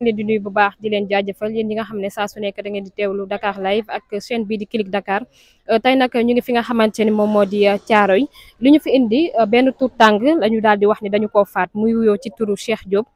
ne di nuy bu baax di leen jaajëfal yéen ñi nga xam ne saa su nekk da ngeen di teewlu Dakar live ak chaîne bii di Click Dakar euh, tey nag ñu ngi fi nga xamante ni moom moo di Caaroy euh, li ñu fi indi euh, benn tur tàng la ñu daal di wax ni dañu koo faat muy wuyoo ci turu Cheikh Diop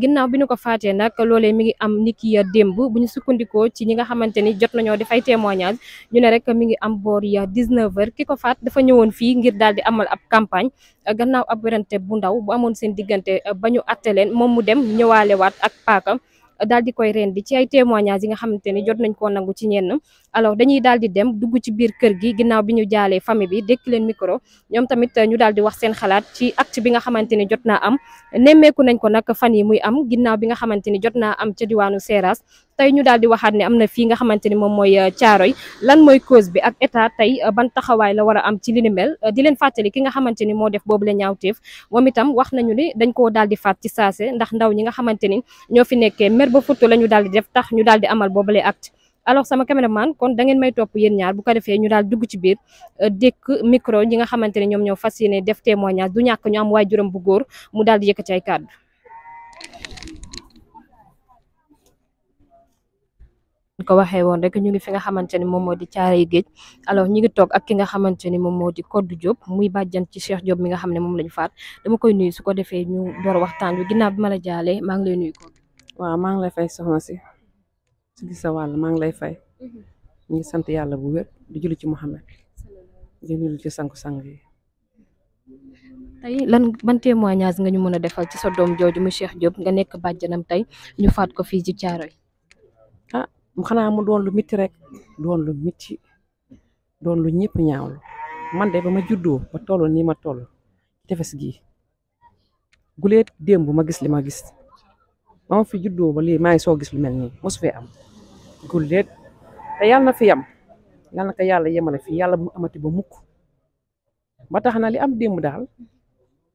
ginnaaw bi ñu ko faatee nag loole mi ngi am niki ya démb bu ñu sukkandikoo ci ñi nga xamante ni jot nañoo def ay témoignage ñu ne rek mi ngi am boor ya 19 heures ki ko faat dafa ñëwoon fii ngir daal di amal ab campagne gannaaw ab werante bu ndaw bu amoon seen diggante ba ñu atte leen moom mu dem ñëwaalewaat ak paaka daal di koy di ci ay témoignages yi nga xamante ni jot nañ koo nangu ci ñenn alors dañuy daal di dem dugg ci biir kër gi ginnaaw bi ñu jaalee famille bi dékk leen micro ñoom tamit ñu daal di wax seen xalaat ci acte bi nga xamante ni jot naa am nemmeeku nañ ko nag fan yi muy am ginnaaw bi nga xamante ni jot naa am ci diwaanu Seras tey ñu daal di waxaat ne am na fii nga xamante ni moom mooy Caaroy euh, lan mooy cause bi ak état tey euh, ban taxawaay la war a am ci li ni euh, di leen fàttali ki nga xamante ni moo def boobu la ñaawteef moom itam wax nañu ni dañ koo daal di faat ci saase ndax ndaw ñi nga xamante ni ñoo fi nekkee mer la ñu daal di def tax ñu daal di amal boobule acte alors sama caméraman kon da ngeen may topp yéen ñaar bu ko defee ñu daal dugg ci biir dékk micro ñi nga xamante ne ñoom ñoo fas yéene def témoignage du ñàkk ñu am waajuram bu góor mu daal di yëkkati ay kàddu ko waxee woon rek ñu ngi fi nga xamante ni moom moo di caaray géej alors ñu ngi toog ak ki nga xamante ni moom di Codou Diop muy bàjjan ci Cheikh Diop mi nga xam ne moom lañu faat dama koy nuyu su ko defee ñu door waxtaan wi ginnaaw bi ma la jaalee maa ngi lay nuyu ko waaw maa ngi lay fay soxna si si gis maa ngi lay fay mhm. ñu sant yàlla bu wér di julli ci Muhammad di julli ci sangu-sang yi tey lan ban témoignage nga ñu mën a defal ci sa doom jooju mu Cheikh Diop nga nekk bàjjanam tey ñu faat ko fii ci Caaroy xanaa mu doon lu mitti rek doon lu mitti doon lu ñëpp ñaawlu man de ba ma juddoo ba toll nii ma toll tefes gii guleet démb ma gis li ma gis ba ma fi juddoo ba li maa ngi soo gis lu mel nii mosu fee am guleet te yàlla na fi yam yàlla yàlla yemale fii yàlla mu amati ba mukk ba tax na li am démb daal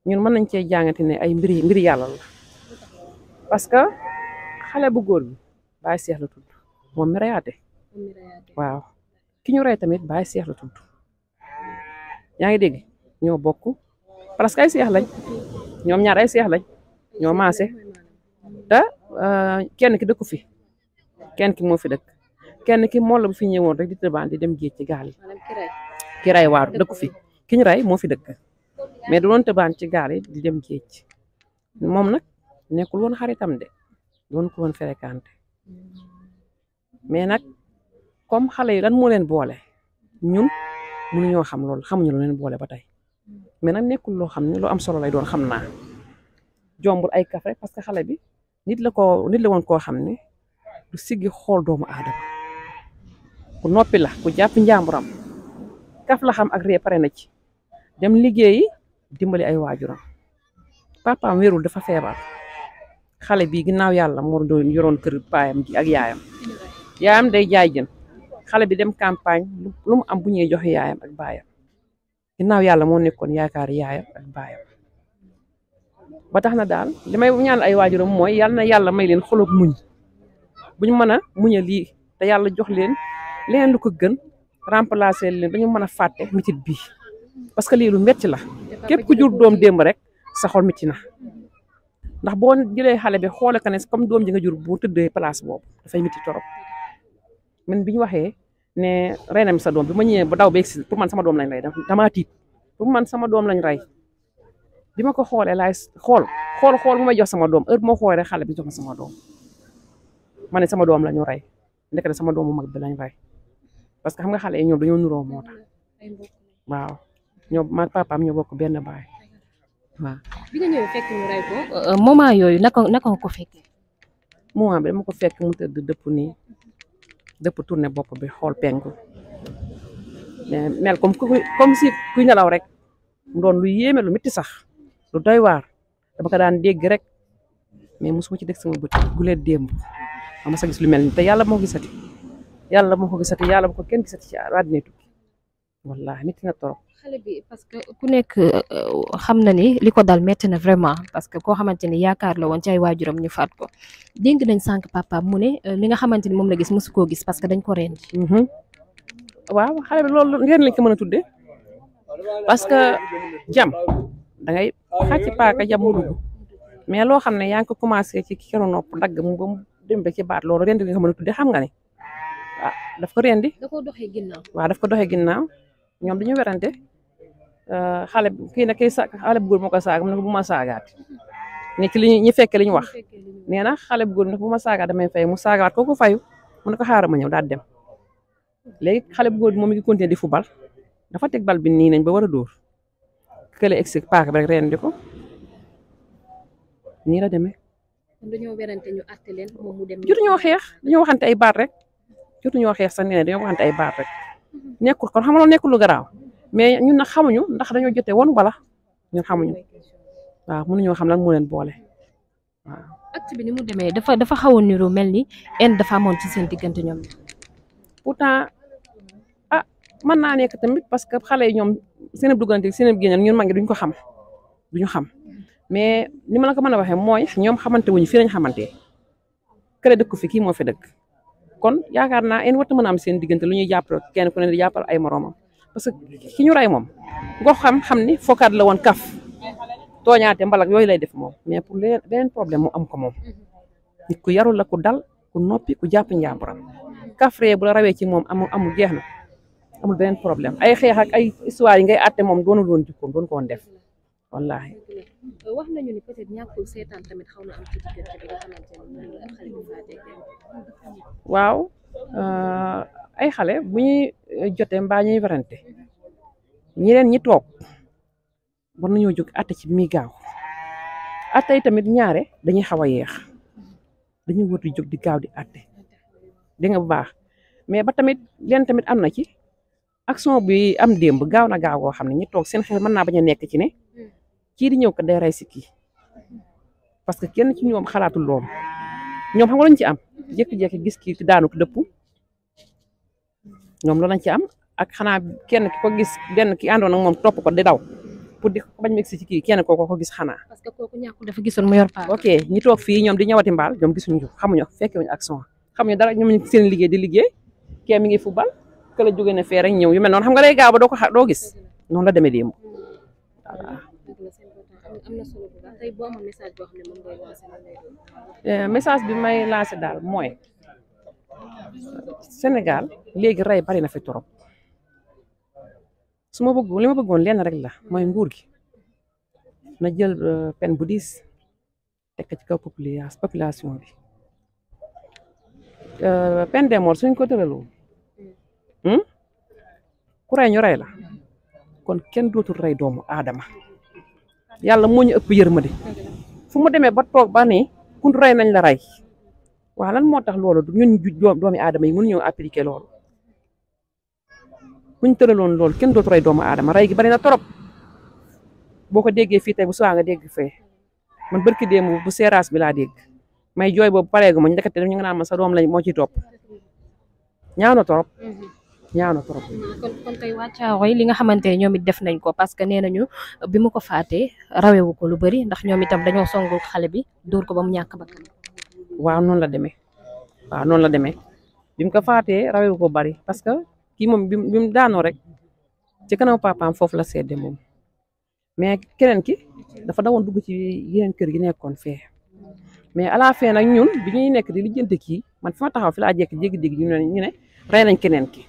ñun mën nañ cee jàngati ne ay mbiri mbiri yàlla la parce que xale bu góor bi bàyyi seex moom mi reyaate waaw ki ñu rey tamit baay seex la tudd yaa ngi dégg ñoo bokk parce que ay seex lañ ñoom ñaar ay seex lañ ñoo maase te euh, kenn ki dëkku fi kenn ki moo fi dëkk kenn ki moo la bu fi ñëwoon rek di tëbaan di dem géej ci gaal yi ki rey waaru dëkku fi ki ñu rey moo fi dëkk mais du doon tëbaan ci gaal yi di dem géej moom nag nekkul woon xaritam de doon ko woon fréquenté mais nag comme xale yi lan moo leen boole ñun mënuñoo xam loolu xamuñu lu leen boole ba tey mais nag nekkul loo xam ne lu am solo lay doon xam naa jombul ay kaf parce que xale bi nit la ko nit la woon koo xam ne du siggi xool doomu aadama ku noppi la ku jàpp njàmburam kaf la xam ak ree pare na ci dem liggéeyi dimbali ay waajuram papaam wérul dafa feebar xale bi ginnaaw yàlla moo doon yoroon kër paayam gi ak yaayam yaayam day jaay jën xale bi dem campagne lu mu am bu ñuy joxe yaayam ak baayam ginnaaw yàlla moo nekkoon yaakaar yaayam ak baayam ba tax na daal li may ñaan ay waajuram mooy yal na yàlla may leen xolog muñ buñ mën a muñ a lii te yàlla jox leen leen lu ko gën remplacer leen dañu mën a fàtte mitit bii parce que lii lu metti la képp ku jur doom démb rek sa xol metti na ndax boo jëlee xale bi xoole ka ne comme doom ji nga jur bu tëddee place boobu dafay metti torop man bi ñu waxee ne rey nañ sa doom bi ma ñëwee ba daw ba egsi pour man sama doom lañ rey damaa tiit pour man sama doom lañ rey bi ma ko xoolee laay xool xool xool bu jox sama doom heure bu ma xoolee rek xale bi jox sama doom ma ne sama doom la ñu rey ndekete sama doomu mag bi lañ rey parce que xam nga xale yi ñoom dañoo nuroo moo tax waaw ñoom maag papaam ñoo bokk benn baay waaw. Euh, euh, yooyu naka naka nga ko fekkee. moment bi dama ko fekk mu tëdd dëpp nii. dëpp tourné bopp bi xool penku mais mel comme comme si kuy nelaw rek mu doon lu yéeme lu métti sax lu doy waar dama ko daan dégg rek mais mosuma ci dégg sama bët gu leen démb ma sa gis lu mel ni te yàlla moo ko gisati yàlla moo ko gisati yàlla bu ko kenn gisati ci àddina wallahi métti na trop. parce que ku nekk euh, xam na ni li ko dal métti na vraiment parce que koo xamante ni yaakaar la woon ci ay waajuram ñu faat ko dénk nañ sànq papa mu ne euh, li nga xamante ni moom la gis mosu koo gis parce que dañ ko reen. Mhm. waaw xale bi loolu ngeen lañ ko mën a tuddee parce que jam da ngay xàcc paaka jam mais loo xam ne yaa ngi ko commencé ci keru nopp dagg mu ba mu dem ba ci baat loolu rend nga ko mën a tuddee xam nga ne waaw ah, daf ko rendi. da ko doxee ginnaaw waaw doxe ko doxee ñoom dañu werante euh, xale kii na kii sa xale bu góor moo ko saaga mu ne ko bu ma saagaat ne ci li ñu fekke li ñu wax nee na xale bu góor ne bu ma saagaat damay fay mu saagaat kooku fayu mu ne ko xaaral ma ñëw daal dem léegi xale bu góor bi moom mi ngi continuer di fubal dafa teg bal bi nii nañ ba war a dóor kële egsi paaka bi rek reen di ko nii la demee. dañoo werante ñu àtte leen moom mu dem. jotuñoo xeex dañoo ay baat rek jotuñoo xeex sax dañoo waxante ay baat rek. nekkul kon xam nga loolu nekkul garaaw mais ñun nag xamuñu ndax dañoo jotee woon wala ñun xamuñu waaw mënuñoo xam lan moo leen boole waaw. acte bi ni mu demee dafa dafa xaw a niru mel ni en dafa amoon ci seen diggante ñoom. pourtant ah mën naa nekk tamit parce que xale yi ñoom seen duggante seen génn ñun mag ngi duñ ko xam ñu xam mais ni ma la ko mën a waxee mooy ñoom xamante wuñu fii lañ xamante kële dëkk fi kii moo fi dëkk. kon yaakaar naa en warta mën a am seen diggante lu ñuy jàppale kenn ku ne di jàppal ay moroomam parce que ki ñu rey moom nga xam xam ni fokaat la woon kaf tooñaate mbalak yooyu lay def moom mais pour beneen problème mu am ko moom nit ku la ku dal ku noppi ku jàpp njàmburam kafree bu la rawee ci moom amul amul jeex na amul beneen problème ay xeex ay histoire yi ngay àtte moom doonu loon jikkoom doonu ko woon def wallaahi. Euh, wax nañu ni tamit waaw euh, ay xale bu ñuy euh, jotee mbaa ñuy werante ñi leen ñi toog war nañoo jóg atte ci mi gaaw atte yi tamit ñaare dañuy xaw a yeex dañuy war di jóg di gaaw di atte dégg nga bu baax mais ba tamit leen tamit am na ci action bi am démb gaaw na gaaw goo xam ne ñi toog seen xel mën na bañ a nekk ci ne. kii di ñëw kat day rey si kii parce que kenn ci ñoom xalaatul loom ñoom xam nga lañ ci am jékki-jékki gis kii daanu dëpp ñoom loolu lañ ci am ak xanaa kenn ki ko gis benn ki àndoon ak moom topp ko di daw pour di kii kenn koo ko gis xanaa. parce que kooku ñàkkul dafa gisoon mu yor paa. ok ñi toog fii ñoom di ñëwati ñoom gisuñu xamuñu fekke wuñu action xamuñu dara ñoom liggéey di liggéey kee mi ngi fubal këla jógee na fee rek ñëw yu mel noonu xam nga day gaaw ba doo ko doo gis noonu la demee démb na euh, message bi may lancer daal mooy Sénégal léegi rey bari na fi torop su ma bëgg li ma bëggoon lenn rek la mooy nguur gi na jël euh, peine bu diis teg ci kaw population bi euh, peine de mort suñ ko tëraloo mm. hmm? rey ñu rey la kon kenn dootul rey doomu aadama yàlla moo ñu ëpp yërmande fu mu demee ba toog ba ne kun rey nañ la rey waaw lan moo tax loolu ñun doomi aadama yi mënuñoo appliquer loolu buñ tëraloon loolu kenn dootu ray doomu aadama rey gi bari na trop boo ko déggee fii tey bu suwaa nga dégg fa man barki démb bu seeraas bi laa dégg may jooy boobu pareegu ma ñu ndekete ñu ngi naan ma sa doom lañ moo ciy topp ñaaw na ñaaw na trop. kon kon tey waa li nga xamante ne ñoom it def nañ ko parce que nee nañu bi mu ko faatee rawewu ko lu bari ndax ñoom itam dañoo songul xale bi dóor ko ba mu ñàkk bakkan. waaw noonu la demee waaw noonu la demee bi mu ko faatee rawewu ko bari parce que kii moom bi mu daanoo rek ci kanam papaam foofu la seede moom mais keneen ki dafa dawoon dugg ci yeneen kër gi nekkoon fee. mais à nag ñun bi ñuy nekk di lijjante kii man fi ma taxaw fi laa jekk jéggi-jéggi ñu ne ñu nañ keneen ki.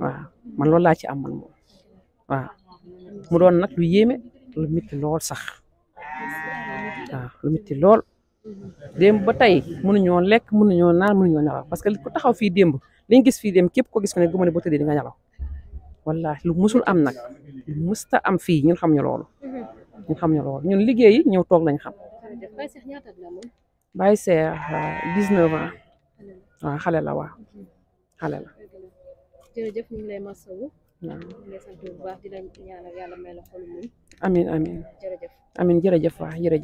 waaw man loolu laa ci am man moom waaw mu doon nag lu yéeme lu miti lool sax waaw lu métti lool démb ba tey mënuñoo lekk mënuñoo naan mënuñoo nelaw parce que ku taxaw fii démb liñ gis fii démb képp ko gis ko ne bu ma ne boo tëddee di nga nelaw wallaahi lu musul am nag lu musta am fii ñun xam ñu loolu ñun xam ñu loolu ñun liggéey yi ñëw toog lañ xam bàyyi seex dix-neuf ans waaw xale la waaw xale la jërëjëf ñu ngi lay masawu. waaw sant bu baax di la ñaanal yàlla may jërëjëf amiin jërëjëf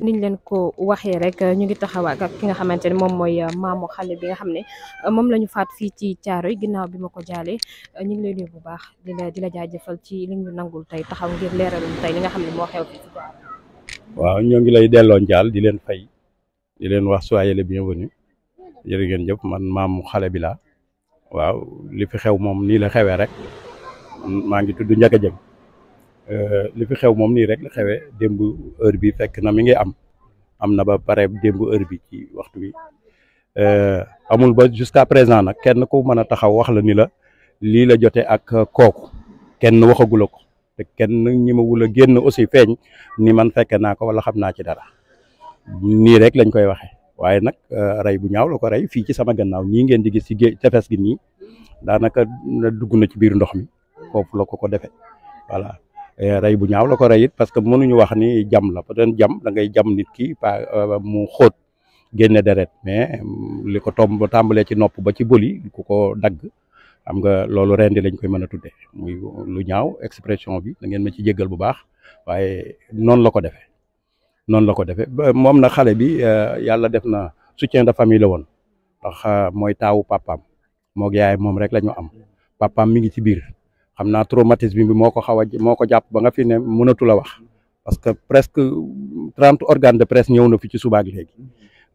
niñ leen ko waxee rek ñu ngi taxawaak ak ki nga xamante ne moom mooy euh, maamu xale bi nga xam ne euh, moom la ñu faat fii ci caaro yi ginnaaw bi ma ko jaalee euh, ñu ngi lay nuyu bu baax di la di la ci li ñu nangul tey taxaw ngir waaw ñoo ngi lay delloo njaal di leen fay di leen wax soyez les bienvenus jërë ngeen jëf man maamu xale bi laa waaw li fi xew moom nii la xewee rek maa ngi tudd Ndiaga Dieng euh, li fi xew moom nii rek la xewee démb heure bi fekk na mi ngi am am na ba pare démb heure bi ci waxtu bi euh, amul ba jusqu'à présent nag kenn ku mën a taxaw wax la ni la lii la jote ak kooku kenn waxagula ko te kenn ñi ma wula génn aussi feeñ ni man fekke naa ko wala xam naa ci dara nii rek lañ koy waxee waaye nag euh, rey bu ñaaw la ko rey fii ci sama gannaaw ñii ngeen di gis ci géej tefes gi nii daanaka euh, dugg na ci biir ndox mi foofu la ko ko defee voilà euh, rey bu ñaaw la ko rey it parce que mënuñu wax ni jam la peut être jam da ngay nit ki pa xóot génne deret mais mm, li ko tomb ba tàmbalee ci nopp ba ci bëli ku ko dagg xam nga loolu rendi lañ koy mën a tuddee muy lu ñaaw expression bi da ngeen ma ci jéggal bu baax waaye noonu la ko defee noonu la ko defee moom na xale bi euh, yàlla def na soutien de famille la woon ndax euh, mooy taawu papaam moog yaay moom rek la ñu am papaam mi ngi ci biir xam naa traumatisme bi moo ko xaw a moo ko jàpp ba nga fi ne mënatu la wax parce que presque trente organes de presse ñëw na fi ci subaak léegi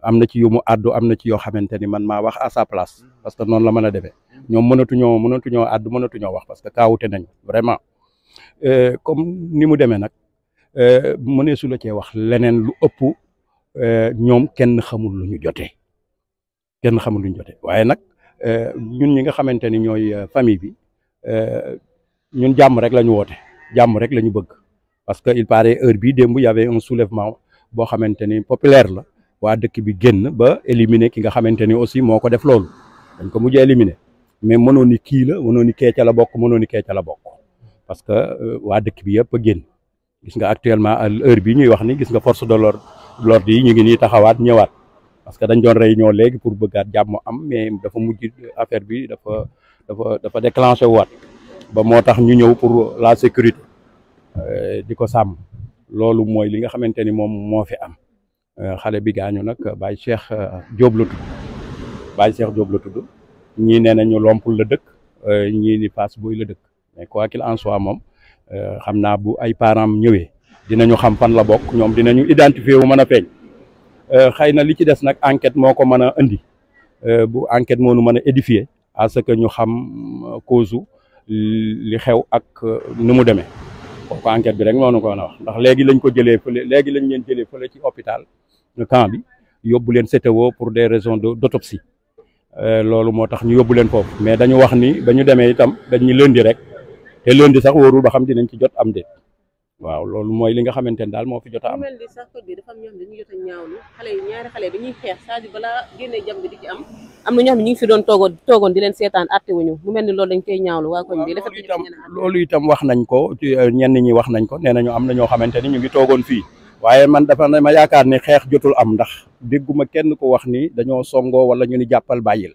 am na ci yu mu addo am na ci yoo xamante ni man maa wax à sa place parce que noonu la mën a defee ñoom mënatuñoo mënatuñoo àddu mënatuñoo wax parce que kaawute nañ vraiment euh, comme ni mu demee nag Euh, mëne sula cee wax leneen lu ëpp euh, ñoom kenn xamul lu ñu jote kenn xamul lu ñu jotee waaye nag euh, ñun ñi nga xamante ni ñooy famille bi ñun jàmm rek la ñu woote jàmm rek la ñu bëgg parce que il paraît heure bii démb y avait un soulèvement boo xamante ni populaire la waa dëkk bi génn ba éliminer ki nga xamante ni aussi moo ko def loolu dañ ko mujj éliminer mais mënoon ni kii la mënoon ni kee ca la bokk mënoon ni kee la bokk parce que waa dëkk bi yëpp a génn. gis nga actuellement à l'heure bii ñuy wax ni gis nga force de l'ordre yi ñu ngi nii taxawaat ñëwaat parce que dañ doon réunion léegi pour bëggaat jàmm am mais dafa mujj affaire bi dafa dafa dafa déclenché waat ba moo tax ñu ñëw pour la sécurité euh, di ko sàmm loolu mooy li nga xamante ni moom moo fi am euh, xale bi gaañu nag Baye Cheikh euh, Diop la tudd Baye Cheikh Diop la tudd ñii nee nañu Lompul la dëkk ñii ni Fass booy la dëkk mais quoi qu'il moom Euh, xam naa bu ay parents ñëwee dina ñu xam fan la bokk ñoom dinañu identifier wu mën a feeñ euh, xëy na li ci des nag enquête moo ko mën a indi euh, bu enquête moo nu mën a édifier à ce que ñu xam cause li xew ak nu mu demee kooku enquête bi rek moo nu ko mën a wax ndax léegi lañ ko jëlee fële léegi lañ leen jëlee fële ci hôpital camp bi yóbbu leen CTO pour des raisons de d'autopsie loolu moo tax ñu yóbbu leen foofu mais dañu wax ni ba demee itam dañu lëndi rek. te lundi sax wóorul ba xam dinañ ci jot am déet waaw loolu mooy li nga xamante ne daal moo fi jot am. mel am ñoo xam na ñoo xam ne ñu fi doon toogoon toogoon di leen seetaan àtte wuñu mu mel ni loolu dañ koy ñaawlu waa koñ bi. loolu itam wax nañ ko ci euh, ñenn ñi wax nañ ko nee nañu am na ñoo xamante ni ñu ngi toogoon fii. waaye man dafa ne ma yaakaar xeex jotul am ndax dégguma kenn ko wax ni dañoo songoo wala ñu ni jàppal bàyyil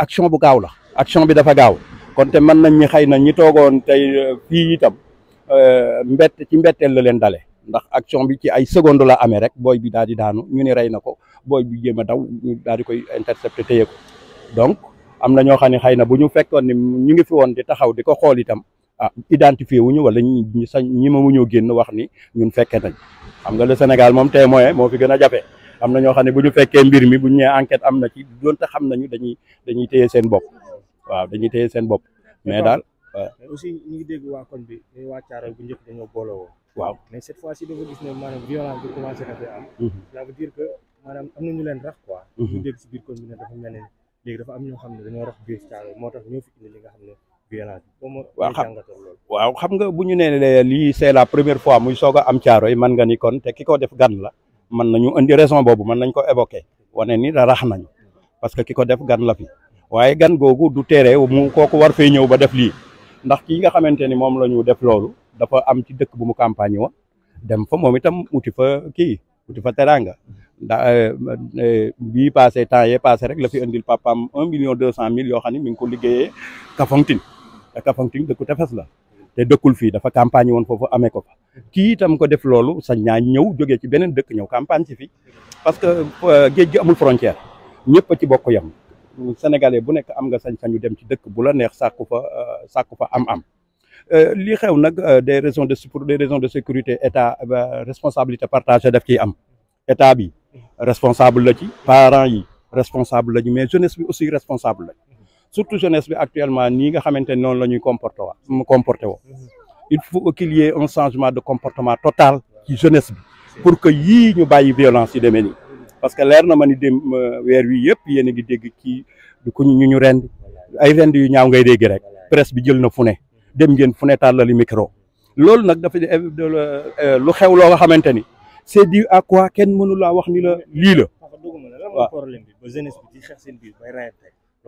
action bu gaaw la action bi dafa gaaw kon te mën nañ ñi xëy na ñi toogoon tey euh, fii itam euh, mbett ci mbetteel la leen dale ndax action bi ci ay seconde la amee rek booy bi daal di daanu ñu ni rey na ko booy bi jéem a daw ñu daal di koy intercepté téye ko donc am na ñoo xam ne xëy na bu ñu fekkoon ni ñu ngi fi woon di taxaw di ko xool itam ah identifié wuñu wala ñi sañ ñi ma wuñoo génn wax ni ñun fekkee nañ xam le Sénégal moom témoin moo fi gën a jafe am na ñoo xam ne bu ñu fekkee mbir mi bu ñu nee am na ci doonte xam nañu dañuy dañuy téye seen bopp waaw dañuy téye seen bopp mais daal mais aussi ñu ngi dégg waa koñ bi waa Thiaroye bu njëkk dañoo booloo woon waaw mais cette gis ne maanaam violence bi commencé na fi mhm. leen rax quoi si mhm. biir koñ dafa mel ne léegi dafa am ñoo xam ne dañoo rax biir Thiaroye moo tax ñoo fi indi li nga xam ne violence waaw xam waaw xam bu ñu nee lii c'est la première fois muy soog am caaro yi man nga ni kon te ki ko def gan la na ñu indi raison boobu mën nañ ko évoquer wane ni rax nañ parce que ki ko def gan la fi waaye gan googu du tere mu kooku war fee ñëw ba def lii ndax kii nga xamante ni moom la ñu def loolu dafa am ci dëkk bu mu campagne woon dem fa moom itam uti fa kii uti fa teranga da eh, eh, bii passé temps yee passé rek la fi indil papam un million deux cent mille yoo xam ne mi ngi ko liggéeyee Kafountine te Kafountine dëkku tefes la te dëkkul fii dafa campagne woon foofu amee ko fa kii itam ko def loolu sa ñaa ñëw jógee ci beneen dëkk ñëw campagne si fii parce que eh, géej gi amul frontière ñëpp ci bokk yem sénégalais bu nekk am nga sañ-sañu dem ci dëkk bu la neex sàkku fa euh, sàkku fa am-am euh, li xew nag euh, des raisons de pour des raisons de sécurité état responsabilité partagée def ciy am état bi responsable la ci parents yi responsable lañu mais jeunesse bi aussi responsable lañ surtout jeunesse bi actuellement ni nga xamante ne noonu la ñuy comporté wa comporté woo il faut qu'il y ait un changement de comportement total ci jeunesse bi pour que yii ñu bàyyi violence yi demee nii parce que leer na ma ni dem euh, weer wi yëpp yéen a ngi dégg kii du ko ñu ñu rend ay rend yu ñaaw ngay dégg rek presse bi jël na fu ne dem ngeen fu ne tàllali micro loolu nag dafa euh, euh, lu xew loo nga xamante ni c'est dû à quoi kenn mënu laa wax ni la lii la. waaw loo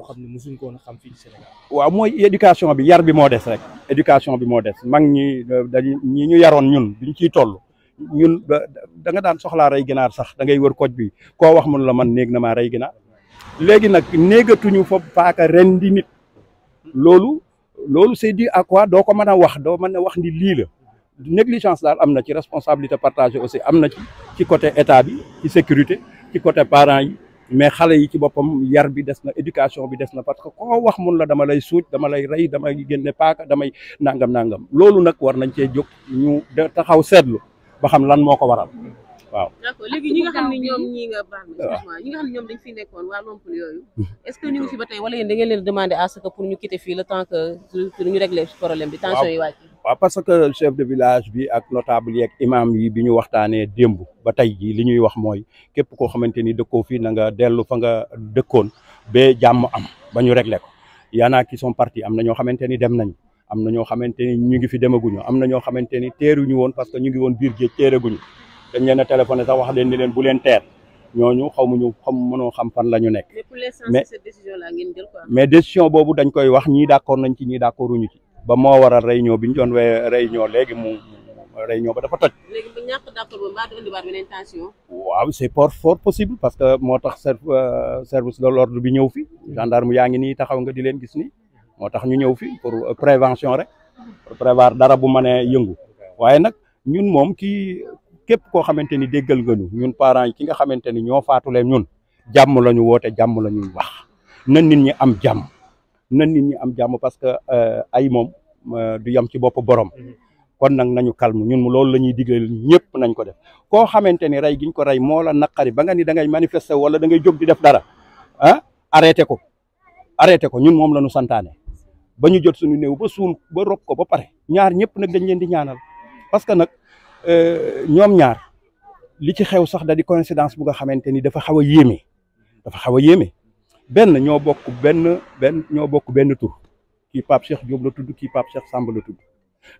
xam ne mosuñ ko woon xam fii Sénégal. waaw mooy éducation bi yar bi moo des rek éducation bi moo des mag ñi ñi ñu yaroon ñun duñ ciy toll. ñun da nga daan soxlaa rey ginaar sax da ngay wër koj bi ko wax mun la man néeg na maa rey ginaar léegi nag néegatuñu fa paaka ren di loolu loolu c'est dû à doo ko mën a wax doo mën a wax ni lii la négligence daal am na ci responsabilité partagée aussi am na ci ci côté état bi ci sécurité ci côté parent yi mais xale yi ci boppam yar bi des na éducation bi des na parce que ko wax mun la dama lay suuj dama lay rey damay génne paaka damay nangam nangam loolu nag war nañ cee jóg ñu taxaw seetlu ba xam lan moo ko waral waaw. d'accord léegi ñi nga xam ne ñoom ñii nga baax na ñi xam ne ñoom dañ fi nekkoon waa lomp yooyu. Hmm. est-ce que ñu ngi fi ba tey wala yéen da ngeen leen demandé à que pour ñu quitter fii le temps que ñu régler problème bi tension yi wàcc. waaw parce que chef de village bi ak notable yi ak imam yi bi ñu waxtaanee démb ba tey jii li ñuy wax mooy képp koo xamante ni dëkkoo fii nanga dellu fa nga dëkkoon be jàmm am ba ñu réglé ko yaanaa ki sont partis am na ñoo xamante ni dem nañ am na ñoo xamante ni ñu ngi fi demaguñu am na ñoo xamante ni teeruñu woon parce que ñu ngi woon biir géej teeraguñu dañ leen a téléphoné sax wax leen ni leen bu leen teer ñooñu xamuñu xam mënoo xam fan la ñu nekk. mais mais décision boobu dañ koy wax ñii d'accord nañ ci ñii d'accorduñu ci. ba moo waral réunion bi ñu doon wee réunion léegi mu réunion ba dafa toj. léegi bu ñàkk d'accord waaw c'est fort fort possible parce que moo tax euh, service de l'ordre bi ñëw fi gendarme yaa ngi nii taxaw nga di leen gis moo tax ñu ñëw fii pour euh, prévention rek pour prévoir dara bu mënee yëngu waaye nag ñun moom kii képp koo xamante ni déggal nga ñu ñun parents ki nga xamante ni ñoo faatule ñun jàmm la ñu woote jàmm la ñuy wax nan nit ñi am jàmm nan nit ñi am jàmm parce que euh, ay moom euh, du yam ci bopp borom kon nag nañu calme ñun loolu la ñuy digal ñëpp nañ ko def koo xamante ni rey giñ ko rey moo la naqari ba nga ni dangay ngay manifester wala da ngay jóg di def dara ah arrêté ko arrêté ko ñun moom la ñu santaane ba ñu jot suñu néew ba suul ba rob ko ba pare ñaar ñëpp nag dañ leen di ñaanal parce que nag euh, ñoom ñaar li ci xew sax da di bu nga xamante ni dafa xaw a yéeme dafa xaw a yéeme benn ñoo bokk benn benn ñoo bokk benn tur kii Pape Cheikh Diop tudd kii Pape Cheikh Samb la tudd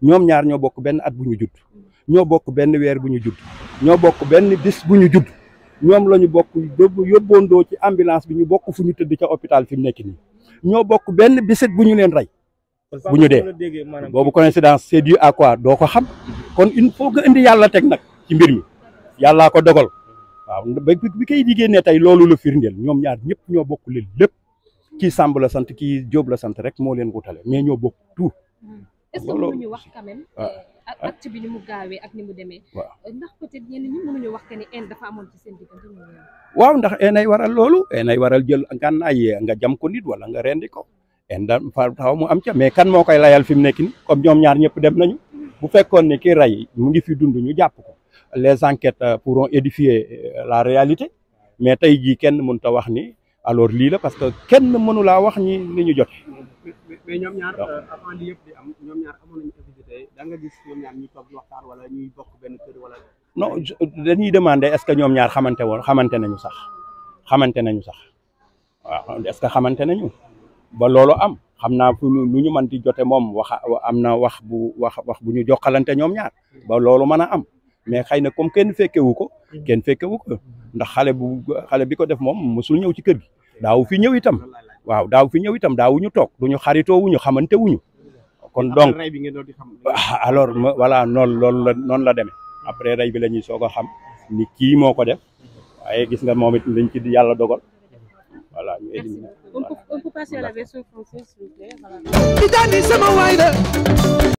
ñoom ñaar ñoo bokk benn at bu ñu judd ñoo bokk benn weer bu ñu judd ñoo bokk benn bis bu ñu judd ñoom la ñu bokk yóbboondoo ci ambulance bi ñu bokk fu ñu tëdd ca hôpital fi mu nekk nii ñoo bokk benn bisit bu ñu leen rey bu ñu dee boobu coïncidence c'est dû à quoi doo ko xam kon il faut nga indi yàlla teg nag ci mbir mi yàllaa ko dogal waaw bi kay jigéen ne tey loolu la firndeel ñoom ñaar ñëpp ñoo bokk leen lépp kii Samb la sant kii Jóob la sant rek moo leen wutale mais ñoo bokk tout. ak acte bi ni mu gaawee ak ni mu demee. waaw ndax peut-être ñenn ñi mënuñu wax waral loolu haine ay waral jël ngànnaay nga jam ko nit wala nga rendi ko haine daal fa taw mu am ca mais kan moo koy layal fi mu nekk nii comme ñoom ñaar ñëpp dem nañu. bu fekkoon ne ki rey mu ngi fi dund ñu jàpp ko les pour euh, pourront édifier euh, la réalité mais tey jii kenn mënut a wax ni alors lii la parce que kenn mënu laa wax ñi ni ñu jot. da nga gis ñoom ñaar ñuy toog waxtaan ñuy bokk benn kër wala. non dañuy demander est-ce que ñoom ñaar xamante woon xamante nañu sax xamante nañu sax waaw est-ce que xamante nañu ba loolu am xam naa fu lu ñu mën di jote moom wax am na wax bu wax wax bu ñu jokkalante ñoom ñaar ba loolu mën a am mais xëy na comme kenn fekkewu ko kenn fekkewu ndax xale bu xale bi ko def moom mosul ñëw ci kër gi daaw fi ñëw itam waaw daaw fi ñëw itam daaw ñu toog duñu xaritoo wuñu xamante wuñu kon donc ah, alors voilà noonu loolu la noonu la demee après rey bi la ñuy soog xam ni kii moo ko def waaye gis nga moom it liñ ci yàlla dogal voilà ñu éliminer. on peut passer à